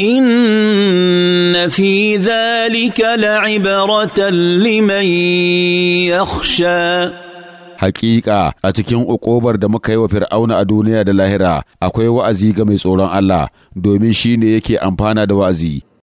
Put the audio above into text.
ان في ذلك لعبره لمن يخشى Hakika a cikin ukobar da muka yi wa Fir'auna a duniya da lahira akwai wa'azi ga mai tsoron Allah domin shi ne yake amfana da wa'azi.